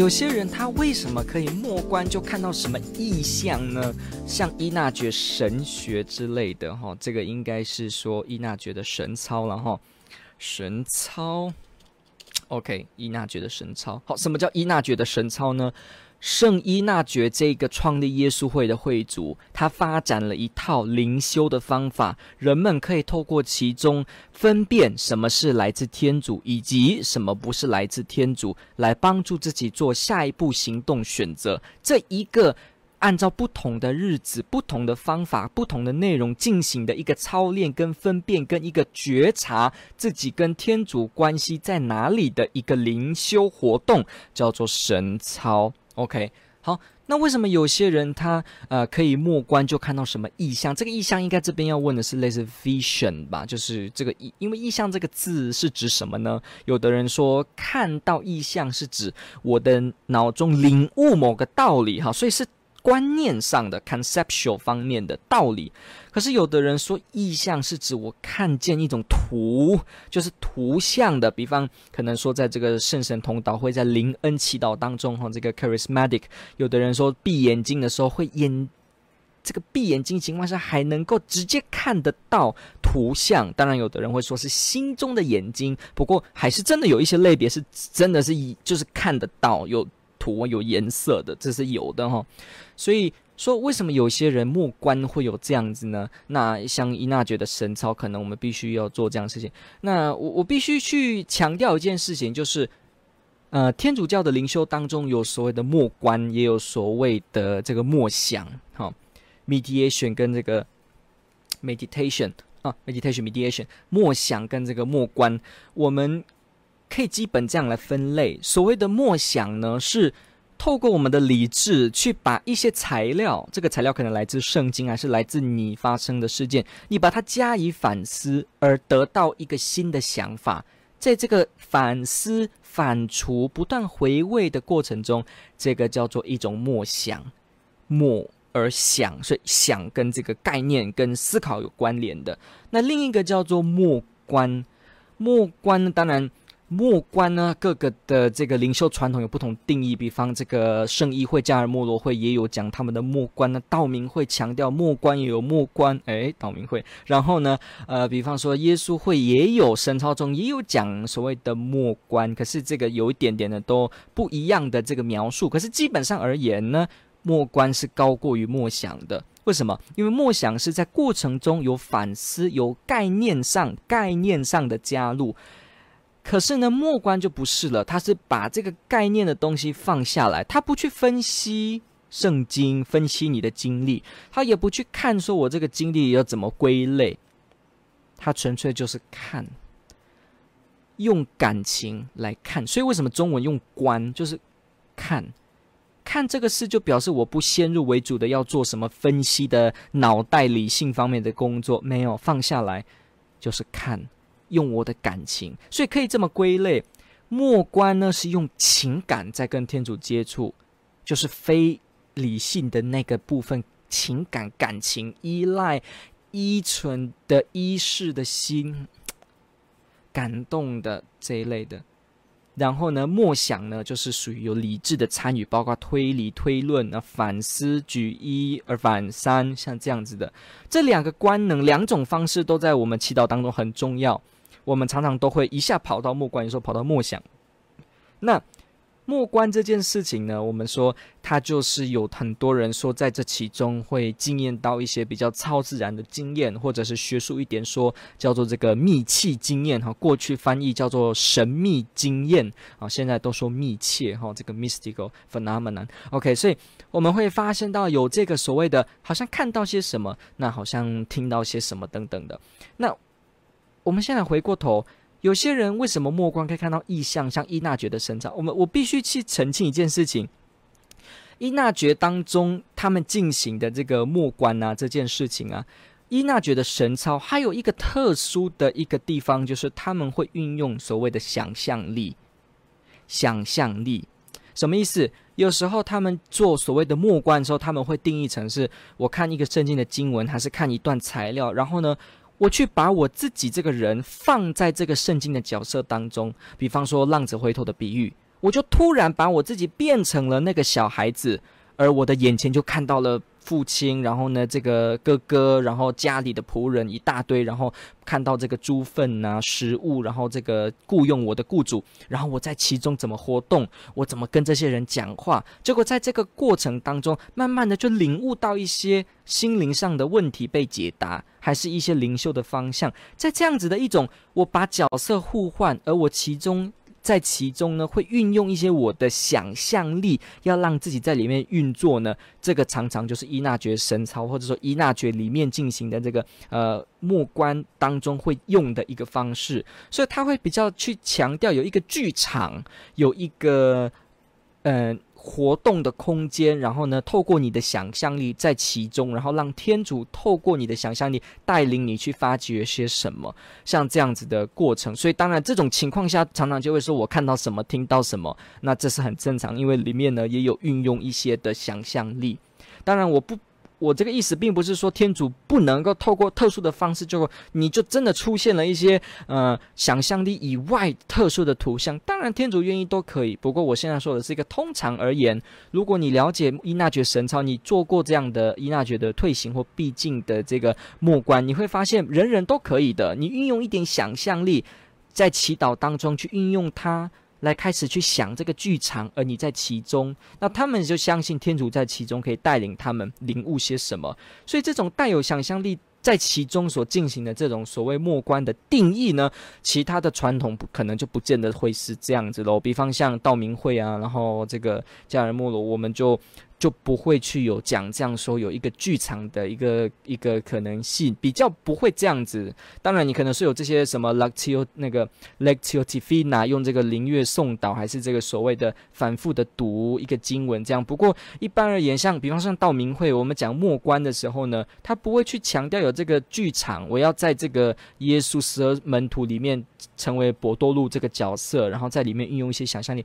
有些人他為什麼可以默觀就看到什麼異象呢？像依納爵神學之類的哈、哦，這個應該是說依納爵的神操了哈、哦，神操。OK，依納爵的神操。好、哦，什麼叫依納爵的神操呢？聖依納爵這個創立耶穌會的會主，他發展了一套靈修的方法，人們可以透過其中分辨什麼是來自天主，以及什麼不是來自天主，來幫助自己做下一步行動選擇。這一個按照不同的日子、不同的方法、不同的內容進行的一個操練，跟分辨，跟一個覺察自己跟天主關係在哪裡的一個靈修活動，叫做神操。OK，好，那為什麼有些人他呃可以默觀，就看到什麼意象？這個意象應該這邊要問的是類似 vision 吧，就是這個意，因為意象這個字是指什麼呢？有的人說看到意象是指我的腦中領悟某個道理，哈，所以是。觀念上的 conceptual 方面的道理，可是有的人說意象是指我看見一種圖，就是圖像的。比方可能說，在這個聖神同禱，會在靈恩祈禱當中，哈，這個 charismatic，有的人說閉眼睛的時候會眼，這個閉眼睛情況下還能夠直接看得到圖像。當然，有的人會說是心中的眼睛。不過，還是真的有一些類別是真的是就是看得到有。土有顏色的，這是有的哈、哦。所以說，為什麼有些人默觀會有這樣子呢？那像依納爵神操，可能我們必須要做這樣的事情。那我我必須去強調一件事情，就是呃，天主教的靈修當中有所謂的默觀，也有所謂的這個默想，哈、哦、meditation 跟這個 meditation 啊，meditation，meditation，默想跟這個默觀，我們。可以基本這樣來分類，所謂的默想呢，是透過我們的理智去把一些材料，這個材料可能來自聖經啊，還是來自你發生的事件，你把它加以反思，而得到一個新的想法。在這個反思、反芻、不斷回味的過程中，這個叫做一種默想，默而想，所以想跟這個概念跟思考有關聯的。那另一個叫做默觀，默觀呢，當然。默觀呢，各個的這個靈修傳統有不同定義。比方這個聖衣會、加爾默羅會也有講他們的默觀呢。道明會強調默觀也有默觀誒，道明會。然後呢，呃，比方說耶穌會也有神操中也有講所謂的默觀，可是這個有一點點的都不一樣的這個描述。可是基本上而言呢，默觀是高過於默想的。為什麼？因為默想是在過程中有反思，有概念上，概念上的加入。可是呢，默觀就不是了，他是把這個概念的東西放下來，他不去分析聖經，分析你的經歷，他也不去看說我這個經歷要怎麼歸類，他純粹就是看，用感情來看。所以為什麼中文用“觀”就是看，看這個事就表示我不先入為主的要做什麼分析的腦袋理性方面的工作，沒有放下來，就是看。用我的感情，所以可以這麼歸類：默觀呢是用情感在跟天主接觸，就是非理性的那個部分，情感、感情、依賴、依存的、依恃的心、感動的這一類的。然後呢，默想呢就是屬於有理智的參與，包括推理、推論、啊反思、舉一而反三，像這樣子的。這兩個官能、兩種方式都在我們祈禱當中很重要。我們常常都會一下跑到默觀，有時候跑到默想。那默觀這件事情呢，我們說它就是有很多人說在這其中會經驗到一些比較超自然的經驗，或者是學術一點說叫做這個密契經驗哈、啊。過去翻譯叫做神秘經驗啊，現在都說密契。哈、啊。這個 mystical phenomenon，OK，、okay, 所以我們會發現到有這個所謂的好像看到些什麼，那好像聽到些什麼等等的那。我們現在回過頭，有些人為什麼默觀可以看到異象？像依納爵的神操，我們我必須去澄清一件事情：依納爵當中他們進行的這個默觀啊，這件事情啊，依納爵的神操還有一個特殊的一個地方，就是他們會運用所謂的想象力。想象力什麼意思？有時候他們做所謂的默觀的時候，他們會定義成是我看一個聖經的經文，還是看一段材料？然後呢？我去把我自己這個人放在這個聖經的角色當中，比方說浪子回頭的比喻，我就突然把我自己變成了那個小孩子，而我的眼前就看到了。父親，然後呢，這個哥哥，然後家裡的僕人一大堆，然後看到這個豬糞啊、食物，然後這個雇傭我的雇主，然後我在其中怎麼活動，我怎麼跟這些人講話？結果在這個過程當中，慢慢的就領悟到一些心靈上的問題被解答，還是一些靈修的方向，在這樣子的一種，我把角色互換，而我其中。在其中呢，會運用一些我的想象力，要讓自己在裡面運作呢。這個常常就是依納爵神操，或者說依納爵裡面進行的這個呃默觀當中會用的一個方式。所以他會比較去強調有一個劇場，有一個嗯。呃活動的空間，然後呢，透過你的想象力在其中，然後讓天主透過你的想象力帶領你去發掘些什麼，像這樣子的過程。所以，當然這種情況下，常常就會說我看到什麼，聽到什麼，那這是很正常，因為裡面呢也有運用一些的想象力。當然，我不。我這個意思並不是說天主不能夠透過特殊的方式就，就你就真的出現了一些呃想象力以外特殊的圖像。當然，天主願意都可以。不過，我現在說的是一個通常而言，如果你了解依納爵神操，你做過這樣的依納爵的退行或避靜的這個默觀，你會發現人人都可以的。你運用一點想象力，在祈禱當中去運用它。來開始去想這個劇場，而你在其中，那他們就相信天主在其中可以帶領他們領悟些什麼。所以，這種帶有想象力在其中所進行的這種所謂默觀的定義呢，其他的傳統不可能就不見得會是這樣子嘍。比方像道明會啊，然後這個加爾默羅，我們就。就不會去有講這樣說有一個劇場的一個一個可能性，比較不會這樣子。當然，你可能是有這些什麼《Lectio》那個《Lectio Divina》，用這個靈悅誦讀，還是這個所謂的反覆的讀一個經文這樣。不過，一般而言像，像比方像道明會，我們講默觀的時候呢，他不會去強調有這個劇場，我要在這個耶穌十二門徒裡面成為伯多祿這個角色，然後在裡面運用一些想象力，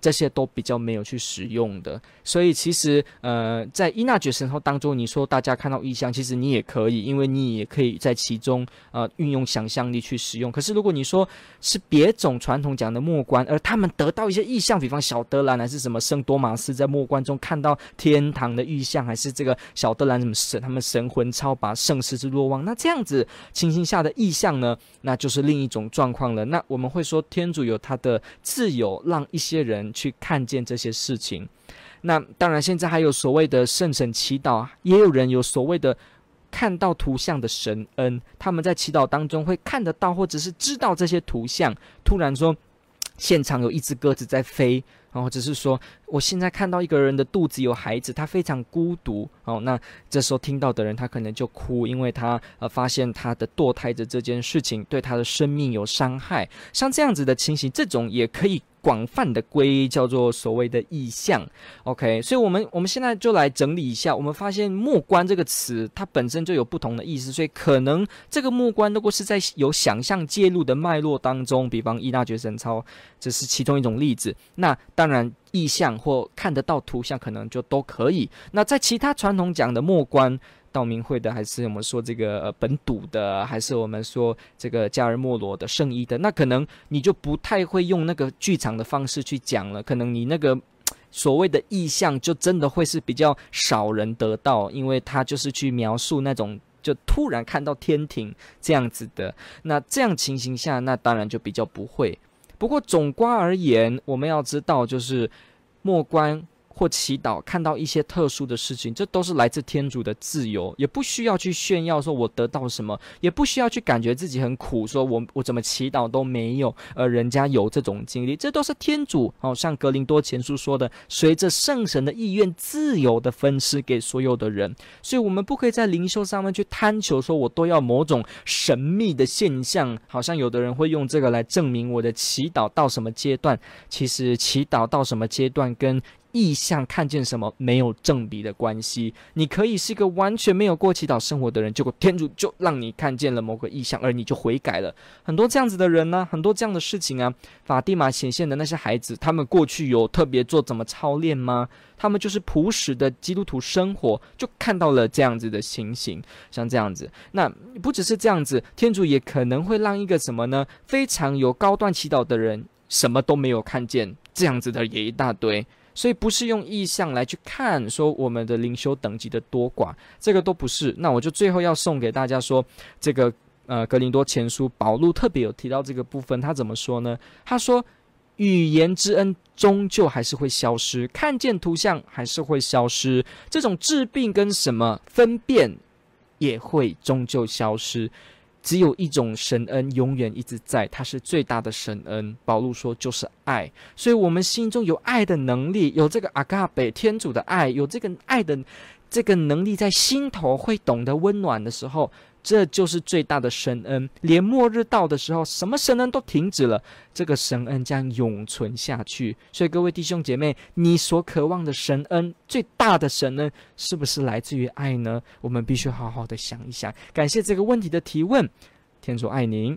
這些都比較沒有去使用的，所以其實，呃，在依納爵神操當中，你說大家看到意象，其實你也可以，因為你也可以在其中，呃，運用想象力去使用。可是如果你說是別種傳統講的默觀，而他們得到一些意象，比方小德蘭還是什麼聖多瑪斯在默觀中看到天堂的意象，還是這個小德蘭什麼神，他們神魂超拔，聖十字若望，那這樣子情形下的意象呢，那就是另一種狀況了。那我們會說，天主有他的自由，讓一些人。去看見這些事情，那當然現在還有所謂的聖神祈禱，也有人有所謂的看到圖像的神恩，他們在祈禱當中會看得到或者是知道這些圖像。突然說現場有一隻鴿子在飛，然後，只是說我現在看到一個人的肚子有孩子，他非常孤獨。哦，那這時候聽到的人他可能就哭，因為他呃發現他的墮胎的這件事情對他的生命有傷害。像這樣子的情形，這種也可以。廣泛的歸叫做所謂的意象，OK，所以，我們我們現在就來整理一下。我們發現“默觀”這個詞，它本身就有不同的意思，所以可能這個“默觀”如果是在有想象介入的脈絡當中，比方《依納爵神操》，這是其中一種例子。那當然，意象或看得到圖像，可能就都可以。那在其他傳統講的“默觀”，道明會的，還是我們說這個、呃、本土的，還是我們說這個加爾默羅的聖衣的，那可能你就不太會用那個劇場的方式去講了。可能你那個所謂的異象，就真的會是比較少人得到，因為他就是去描述那種就突然看到天庭這樣子的。那這樣情形下，那當然就比較不會。不過總觀而言，我們要知道就是默觀，或祈禱看到一些特殊的事情，這都是來自天主的自由，也不需要去炫耀說我得到什麼，也不需要去感覺自己很苦，說我我怎麼祈禱都沒有，呃，人家有這種經歷，這都是天主好、哦、像格林多前書說的，隨着聖神的意願，自由的分施給所有的人，所以我們不可以在靈修上面去貪求，說我都要某種神秘的現象。好像有的人會用這個來證明我的祈禱到什麼階段。其實祈禱到什麼階段跟意象，看見什麼沒有正比的關係，你可以是一個完全沒有過祈禱生活的人，結果天主就讓你看見了某個意象，而你就悔改了很多。這樣子的人呢、啊，很多這樣的事情啊。法蒂瑪顯現的那些孩子，他們過去有特別做怎麼操練嗎？他們就是樸實的基督徒生活，就看到了這樣子的情形。像這樣子，那不只是這樣子，天主也可能會讓一個什麼呢？非常有高端祈禱的人，什麼都沒有看見，這樣子的也一大堆。所以不是用意象來去看，說我們的靈修等級的多寡，這個都不是。那我就最後要送給大家說，這個呃，格林多前書保祿特別有提到這個部分，他怎麼說呢？他說，語言之恩終究還是會消失，看見圖像還是會消失，這種治病跟什麼分辨也會終究消失。只有一種神恩，永遠一直在，它是最大的神恩。保祿說，就是愛。所以，我們心中有愛的能力，有這個阿嘎北天主的愛，有這個愛的這個能力在心頭，會懂得溫暖的時候。這就是最大的神恩，連末日到的時候，什麼神恩都停止了，這個神恩將永存下去。所以各位弟兄姐妹，你所渴望的神恩，最大的神恩，是不是來自於愛呢？我們必須好好的想一想。感謝這個問題的提問，天主愛您。